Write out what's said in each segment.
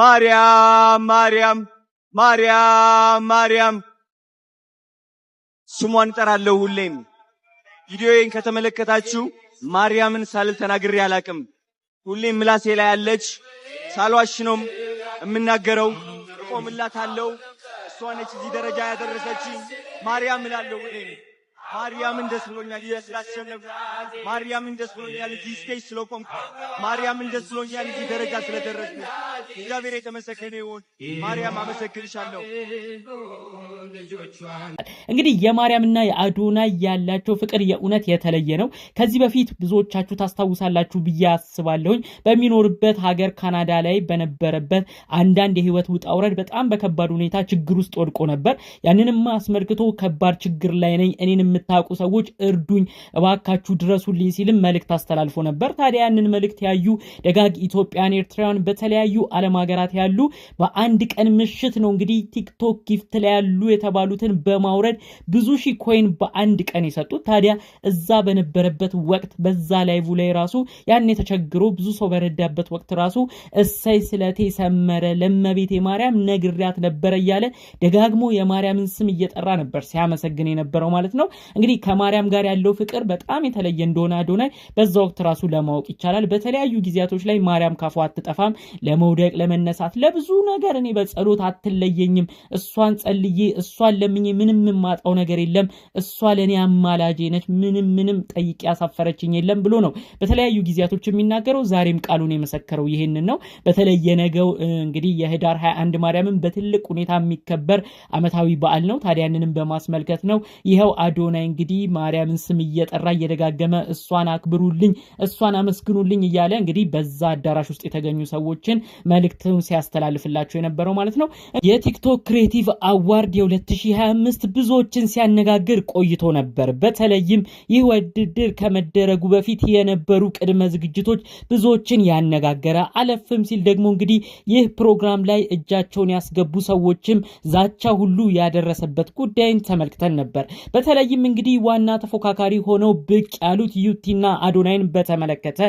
ማርያም ማርያም ማርያም ማርያም ስሟን እጠራለሁ ሁሌም። ቪዲዮዬን ከተመለከታችሁ ማርያምን ሳልል ተናግሬ አላቅም። ሁሌም ምላሴ ላይ አለች ሳልዋሽ ነው የምናገረው። እቆምላታለሁ። እሷ ነች እዚህ ደረጃ ያደረሰች። ማርያም እላለሁ ሁሌም። ማርያምን ደስ ብሎኛል ስላሸነፍኩ፣ ማርያምን ደስ ብሎኛል እዚህ ስቴጅ ስለቆምኩ፣ ማርያምን ደስ ብሎኛል እዚህ ደረጃ ስለደረስኩ። እግዚአብሔር የተመሰገነ ይሁን። ማርያም አመሰግንሻለሁ። እንግዲህ የማርያምና የአዶናይ ያላቸው ፍቅር የእውነት የተለየ ነው። ከዚህ በፊት ብዙዎቻችሁ ታስታውሳላችሁ ብዬ አስባለሁኝ። በሚኖርበት ሀገር ካናዳ ላይ በነበረበት አንዳንድ የህይወት ውጣ ውረድ በጣም በከባድ ሁኔታ ችግር ውስጥ ወድቆ ነበር። ያንንም አስመልክቶ ከባድ ችግር ላይ ነኝ እኔን የምታውቁ ሰዎች እርዱኝ እባካችሁ ድረሱልኝ ሲልም መልእክት አስተላልፎ ነበር። ታዲያ ያንን መልእክት ያዩ ደጋግ ኢትዮጵያን ኤርትራውያን በተለያዩ ዓለም ሀገራት ያሉ በአንድ ቀን ምሽት ነው እንግዲህ ቲክቶክ ጊፍት ላይ ያሉ የተባሉትን በማውረድ ብዙ ሺህ ኮይን በአንድ ቀን የሰጡት። ታዲያ እዛ በነበረበት ወቅት በዛ ላይቭ ላይ ራሱ ያን የተቸግሮ ብዙ ሰው በረዳበት ወቅት ራሱ እሰይ ስለቴ ሰመረ ለመቤቴ ማርያም ነግሪያት ነበረ እያለ ደጋግሞ የማርያምን ስም እየጠራ ነበር ሲያመሰግን የነበረው ማለት ነው። እንግዲህ ከማርያም ጋር ያለው ፍቅር በጣም የተለየ እንደሆነ አዶናይ በዛ ወቅት ራሱ ለማወቅ ይቻላል። በተለያዩ ጊዜያቶች ላይ ማርያም ካፎ አትጠፋም፣ ለመውደቅ ለመነሳት፣ ለብዙ ነገር እኔ በጸሎት አትለየኝም፣ እሷን ጸልዬ እሷን ለምኜ ምንም የማጣው ነገር የለም፣ እሷ ለእኔ አማላጄ ነች፣ ምንም ምንም ጠይቄ ያሳፈረችኝ የለም ብሎ ነው በተለያዩ ጊዜያቶች የሚናገረው። ዛሬም ቃሉን የመሰከረው ይህንን ነው። በተለየ ነገው እንግዲህ የህዳር 21 ማርያምን በትልቅ ሁኔታ የሚከበር አመታዊ በዓል ነው። ታዲያንንም በማስመልከት ነው ይኸው አዶናይ አረናውናይ እንግዲህ ማርያምን ስም እየጠራ እየደጋገመ እሷን አክብሩልኝ፣ እሷን አመስግኑልኝ እያለ እንግዲህ በዛ አዳራሽ ውስጥ የተገኙ ሰዎችን መልእክቱን ሲያስተላልፍላቸው የነበረው ማለት ነው። የቲክቶክ ክሬቲቭ አዋርድ የ2025 ብዙዎችን ሲያነጋግር ቆይቶ ነበር። በተለይም ይህ ውድድር ከመደረጉ በፊት የነበሩ ቅድመ ዝግጅቶች ብዙዎችን ያነጋገረ አለፍም ሲል ደግሞ እንግዲህ ይህ ፕሮግራም ላይ እጃቸውን ያስገቡ ሰዎችም ዛቻ ሁሉ ያደረሰበት ጉዳይን ተመልክተን ነበር። በተለይም እንግዲህ ዋና ተፎካካሪ ሆነው ብቅ ያሉት ዩቲና አዶናይን በተመለከተ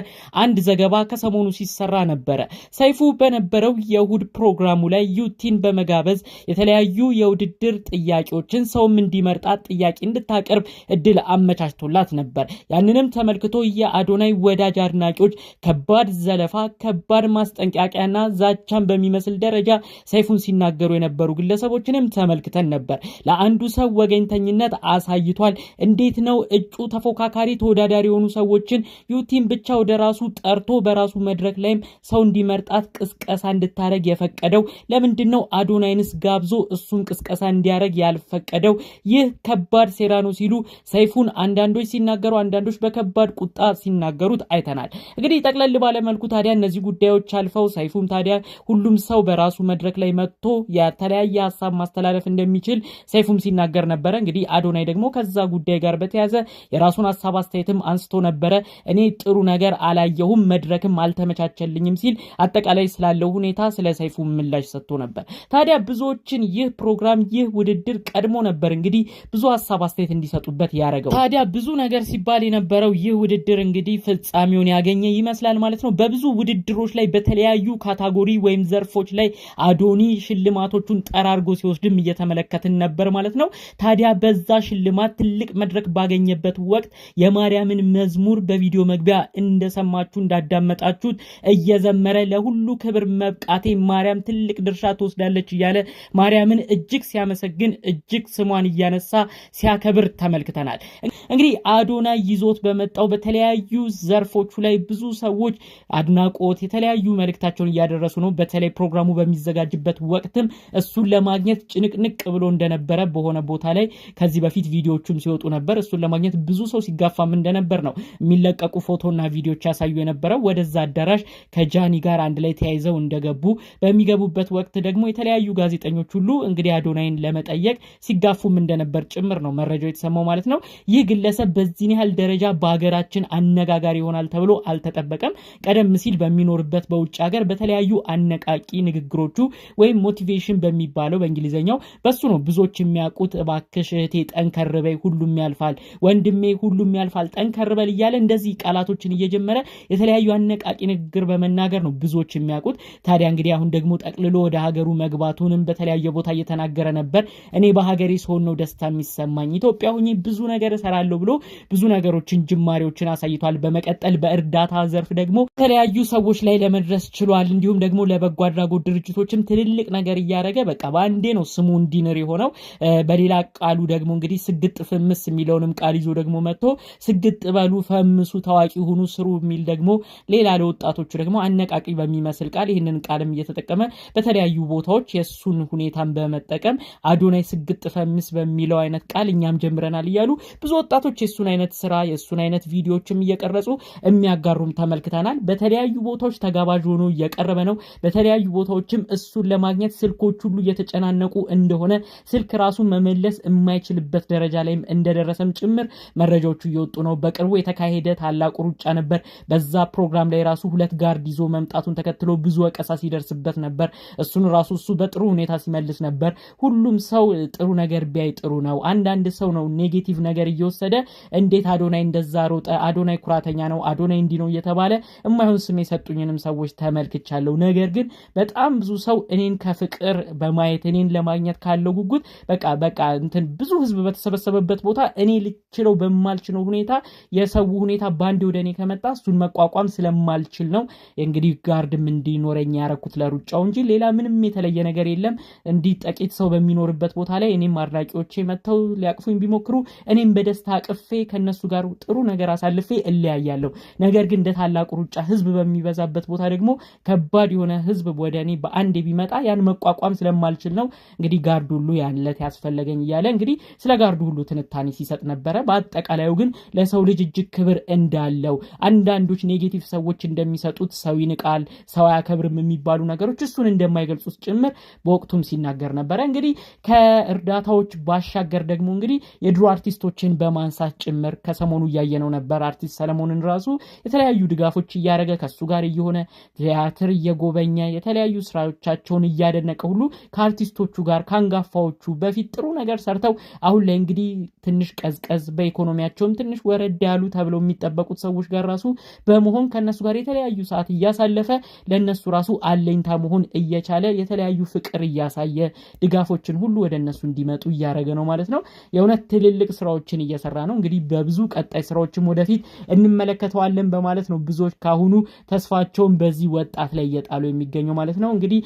አንድ ዘገባ ከሰሞኑ ሲሰራ ነበረ። ሰይፉ በነበረው የእሁድ ፕሮግራሙ ላይ ዩቲን በመጋበዝ የተለያዩ የውድድር ጥያቄዎችን ሰውም እንዲመርጣት ጥያቄ እንድታቀርብ እድል አመቻችቶላት ነበር። ያንንም ተመልክቶ የአዶናይ ወዳጅ አድናቂዎች ከባድ ዘለፋ፣ ከባድ ማስጠንቀቂያና ዛቻን በሚመስል ደረጃ ሰይፉን ሲናገሩ የነበሩ ግለሰቦችንም ተመልክተን ነበር። ለአንዱ ሰው ወገኝተኝነት አሳይቷል ተመልክቷል። እንዴት ነው እጩ ተፎካካሪ ተወዳዳሪ የሆኑ ሰዎችን ዩቲም ብቻ ወደ ራሱ ጠርቶ በራሱ መድረክ ላይም ሰው እንዲመርጣት ቅስቀሳ እንድታደረግ የፈቀደው? ለምንድን ነው አዶናይንስ ጋብዞ እሱን ቅስቀሳ እንዲያደረግ ያልፈቀደው? ይህ ከባድ ሴራ ነው ሲሉ ሰይፉን አንዳንዶች ሲናገሩ፣ አንዳንዶች በከባድ ቁጣ ሲናገሩት አይተናል። እንግዲህ ጠቅለል ባለመልኩ ታዲያ እነዚህ ጉዳዮች አልፈው ሰይፉም ታዲያ ሁሉም ሰው በራሱ መድረክ ላይ መጥቶ የተለያየ ሀሳብ ማስተላለፍ እንደሚችል ሰይፉም ሲናገር ነበረ። እንግዲህ አዶናይ ደግሞ ከዚህ ከዛ ጉዳይ ጋር በተያዘ የራሱን ሀሳብ አስተያየትም አንስቶ ነበረ። እኔ ጥሩ ነገር አላየሁም፣ መድረክም አልተመቻቸልኝም ሲል አጠቃላይ ስላለው ሁኔታ ስለ ሰይፉ ምላሽ ሰጥቶ ነበር። ታዲያ ብዙዎችን ይህ ፕሮግራም ይህ ውድድር ቀድሞ ነበር እንግዲህ ብዙ ሀሳብ አስተያየት እንዲሰጡበት ያደረገው። ታዲያ ብዙ ነገር ሲባል የነበረው ይህ ውድድር እንግዲህ ፍጻሜውን ያገኘ ይመስላል ማለት ነው። በብዙ ውድድሮች ላይ በተለያዩ ካታጎሪ ወይም ዘርፎች ላይ አዶኒ ሽልማቶቹን ጠራርጎ ሲወስድም እየተመለከትን ነበር ማለት ነው። ታዲያ በዛ ሽልማት ትልቅ መድረክ ባገኘበት ወቅት የማርያምን መዝሙር በቪዲዮ መግቢያ እንደሰማችሁ እንዳዳመጣችሁት እየዘመረ ለሁሉ ክብር መብቃቴ ማርያም ትልቅ ድርሻ ትወስዳለች እያለ ማርያምን እጅግ ሲያመሰግን እጅግ ስሟን እያነሳ ሲያከብር ተመልክተናል። እንግዲህ አዶና ይዞት በመጣው በተለያዩ ዘርፎቹ ላይ ብዙ ሰዎች አድናቆት፣ የተለያዩ መልእክታቸውን እያደረሱ ነው። በተለይ ፕሮግራሙ በሚዘጋጅበት ወቅትም እሱን ለማግኘት ጭንቅንቅ ብሎ እንደነበረ በሆነ ቦታ ላይ ከዚህ በፊት ቪዲዮቹ ፎቶዎችም ሲወጡ ነበር። እሱን ለማግኘት ብዙ ሰው ሲጋፋም እንደነበር ነው የሚለቀቁ ፎቶና ቪዲዮዎች ያሳዩ የነበረው። ወደዛ አዳራሽ ከጃኒ ጋር አንድ ላይ ተያይዘው እንደገቡ በሚገቡበት ወቅት ደግሞ የተለያዩ ጋዜጠኞች ሁሉ እንግዲህ አዶናይን ለመጠየቅ ሲጋፉም እንደነበር ጭምር ነው መረጃው የተሰማው ማለት ነው። ይህ ግለሰብ በዚህን ያህል ደረጃ በሀገራችን አነጋጋሪ ይሆናል ተብሎ አልተጠበቀም። ቀደም ሲል በሚኖርበት በውጭ ሀገር በተለያዩ አነቃቂ ንግግሮቹ ወይም ሞቲቬሽን በሚባለው በእንግሊዝኛው በሱ ነው ብዙዎች የሚያውቁት እባክሽ እህቴ ጠንከር በይ ሁሉም ያልፋል፣ ወንድሜ ሁሉም ያልፋል፣ ጠንከር በል እያለ እንደዚህ ቃላቶችን እየጀመረ የተለያዩ አነቃቂ ንግግር በመናገር ነው ብዙዎች የሚያውቁት። ታዲያ እንግዲህ አሁን ደግሞ ጠቅልሎ ወደ ሀገሩ መግባቱንም በተለያየ ቦታ እየተናገረ ነበር። እኔ በሀገሬ ስሆን ነው ደስታ የሚሰማኝ፣ ኢትዮጵያ ሁኜ ብዙ ነገር እሰራለሁ ብሎ ብዙ ነገሮችን ጅማሬዎችን አሳይቷል። በመቀጠል በእርዳታ ዘርፍ ደግሞ የተለያዩ ሰዎች ላይ ለመድረስ ችሏል። እንዲሁም ደግሞ ለበጎ አድራጎት ድርጅቶችም ትልልቅ ነገር እያደረገ በቃ በአንዴ ነው ስሙ እንዲንር የሆነው። በሌላ ቃሉ ደግሞ እንግዲህ ስግጥ ፍምስ የሚለውንም ቃል ይዞ ደግሞ መጥቶ ስግጥ በሉ ፈምሱ፣ ታዋቂ ሁኑ፣ ስሩ የሚል ደግሞ ሌላ ለወጣቶቹ ደግሞ አነቃቂ በሚመስል ቃል ይህንን ቃልም እየተጠቀመ በተለያዩ ቦታዎች የእሱን ሁኔታን በመጠቀም አዶናይ ስግጥ ፈምስ በሚለው አይነት ቃል እኛም ጀምረናል እያሉ ብዙ ወጣቶች የእሱን አይነት ስራ የእሱን አይነት ቪዲዮዎችም እየቀረጹ የሚያጋሩም ተመልክተናል። በተለያዩ ቦታዎች ተጋባዥ ሆኖ እየቀረበ ነው። በተለያዩ ቦታዎችም እሱን ለማግኘት ስልኮች ሁሉ እየተጨናነቁ እንደሆነ ስልክ ራሱ መመለስ የማይችልበት ደረጃ ላይ ላይም እንደደረሰም ጭምር መረጃዎቹ እየወጡ ነው። በቅርቡ የተካሄደ ታላቁ ሩጫ ነበር። በዛ ፕሮግራም ላይ ራሱ ሁለት ጋርድ ይዞ መምጣቱን ተከትሎ ብዙ ወቀሳ ሲደርስበት ነበር። እሱን ራሱ እሱ በጥሩ ሁኔታ ሲመልስ ነበር። ሁሉም ሰው ጥሩ ነገር ቢያይ ጥሩ ነው። አንዳንድ ሰው ነው ኔጌቲቭ ነገር እየወሰደ እንዴት አዶናይ እንደዛ ሮጠ፣ አዶናይ ኩራተኛ ነው፣ አዶናይ እንዲ ነው እየተባለ የማይሆን ስም የሰጡኝንም ሰዎች ተመልክቻለሁ። ነገር ግን በጣም ብዙ ሰው እኔን ከፍቅር በማየት እኔን ለማግኘት ካለው ጉጉት በቃ በቃ እንትን ብዙ ህዝብ በተሰበሰበ በምሆንበት ቦታ እኔ ልችለው በማልችለው ሁኔታ የሰው ሁኔታ በአንድ ወደ እኔ ከመጣ እሱን መቋቋም ስለማልችል ነው እንግዲህ ጋርድም እንዲኖረኝ ያረኩት ለሩጫው እንጂ ሌላ ምንም የተለየ ነገር የለም። እንዲህ ጥቂት ሰው በሚኖርበት ቦታ ላይ እኔም አድናቂዎቼ መጥተው ሊያቅፉኝ ቢሞክሩ እኔም በደስታ አቅፌ ከነሱ ጋር ጥሩ ነገር አሳልፌ እለያያለሁ። ነገር ግን እንደ ታላቁ ሩጫ ህዝብ በሚበዛበት ቦታ ደግሞ ከባድ የሆነ ህዝብ ወደ እኔ በአንዴ ቢመጣ ያን መቋቋም ስለማልችል ነው እንግዲህ ጋርድ ሁሉ ያንለት ያስፈለገኝ እያለ እንግዲህ ስለ ጋርድ ሁሉ ትንታኔ ሲሰጥ ነበረ። በአጠቃላዩ ግን ለሰው ልጅ እጅግ ክብር እንዳለው አንዳንዶች ኔጌቲቭ ሰዎች እንደሚሰጡት ሰው ይንቃል፣ ሰው አያከብርም የሚባሉ ነገሮች እሱን እንደማይገልጹት ጭምር በወቅቱም ሲናገር ነበረ። እንግዲህ ከእርዳታዎች ባሻገር ደግሞ እንግዲህ የድሮ አርቲስቶችን በማንሳት ጭምር ከሰሞኑ እያየነው ነበር። አርቲስት ሰለሞንን ራሱ የተለያዩ ድጋፎች እያደረገ ከሱ ጋር እየሆነ ቲያትር እየጎበኘ የተለያዩ ስራዎቻቸውን እያደነቀ ሁሉ ከአርቲስቶቹ ጋር ከአንጋፋዎቹ በፊት ጥሩ ነገር ሰርተው አሁን ላይ እንግዲህ ትንሽ ቀዝቀዝ በኢኮኖሚያቸውም ትንሽ ወረድ ያሉ ተብለው የሚጠበቁት ሰዎች ጋር ራሱ በመሆን ከነሱ ጋር የተለያዩ ሰዓት እያሳለፈ ለእነሱ ራሱ አለኝታ መሆን እየቻለ የተለያዩ ፍቅር እያሳየ ድጋፎችን ሁሉ ወደ እነሱ እንዲመጡ እያደረገ ነው ማለት ነው። የእውነት ትልልቅ ስራዎችን እየሰራ ነው። እንግዲህ በብዙ ቀጣይ ስራዎችም ወደፊት እንመለከተዋለን በማለት ነው ብዙዎች ካሁኑ ተስፋቸውን በዚህ ወጣት ላይ እየጣሉ የሚገኘው ማለት ነው። እንግዲህ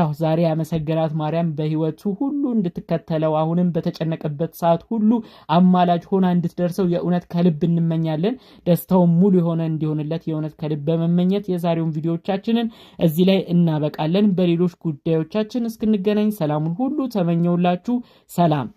ያው ዛሬ ያመሰገናት ማርያም በህይወቱ ሁሉ እንድትከተለው አሁንም በተጨነቀበት ሰዓት ሁሉ ሁሉ አማላጅ ሆና እንድትደርሰው የእውነት ከልብ እንመኛለን። ደስታውን ሙሉ የሆነ እንዲሆንለት የእውነት ከልብ በመመኘት የዛሬውን ቪዲዮቻችንን እዚህ ላይ እናበቃለን። በሌሎች ጉዳዮቻችን እስክንገናኝ ሰላሙን ሁሉ ተመኘውላችሁ። ሰላም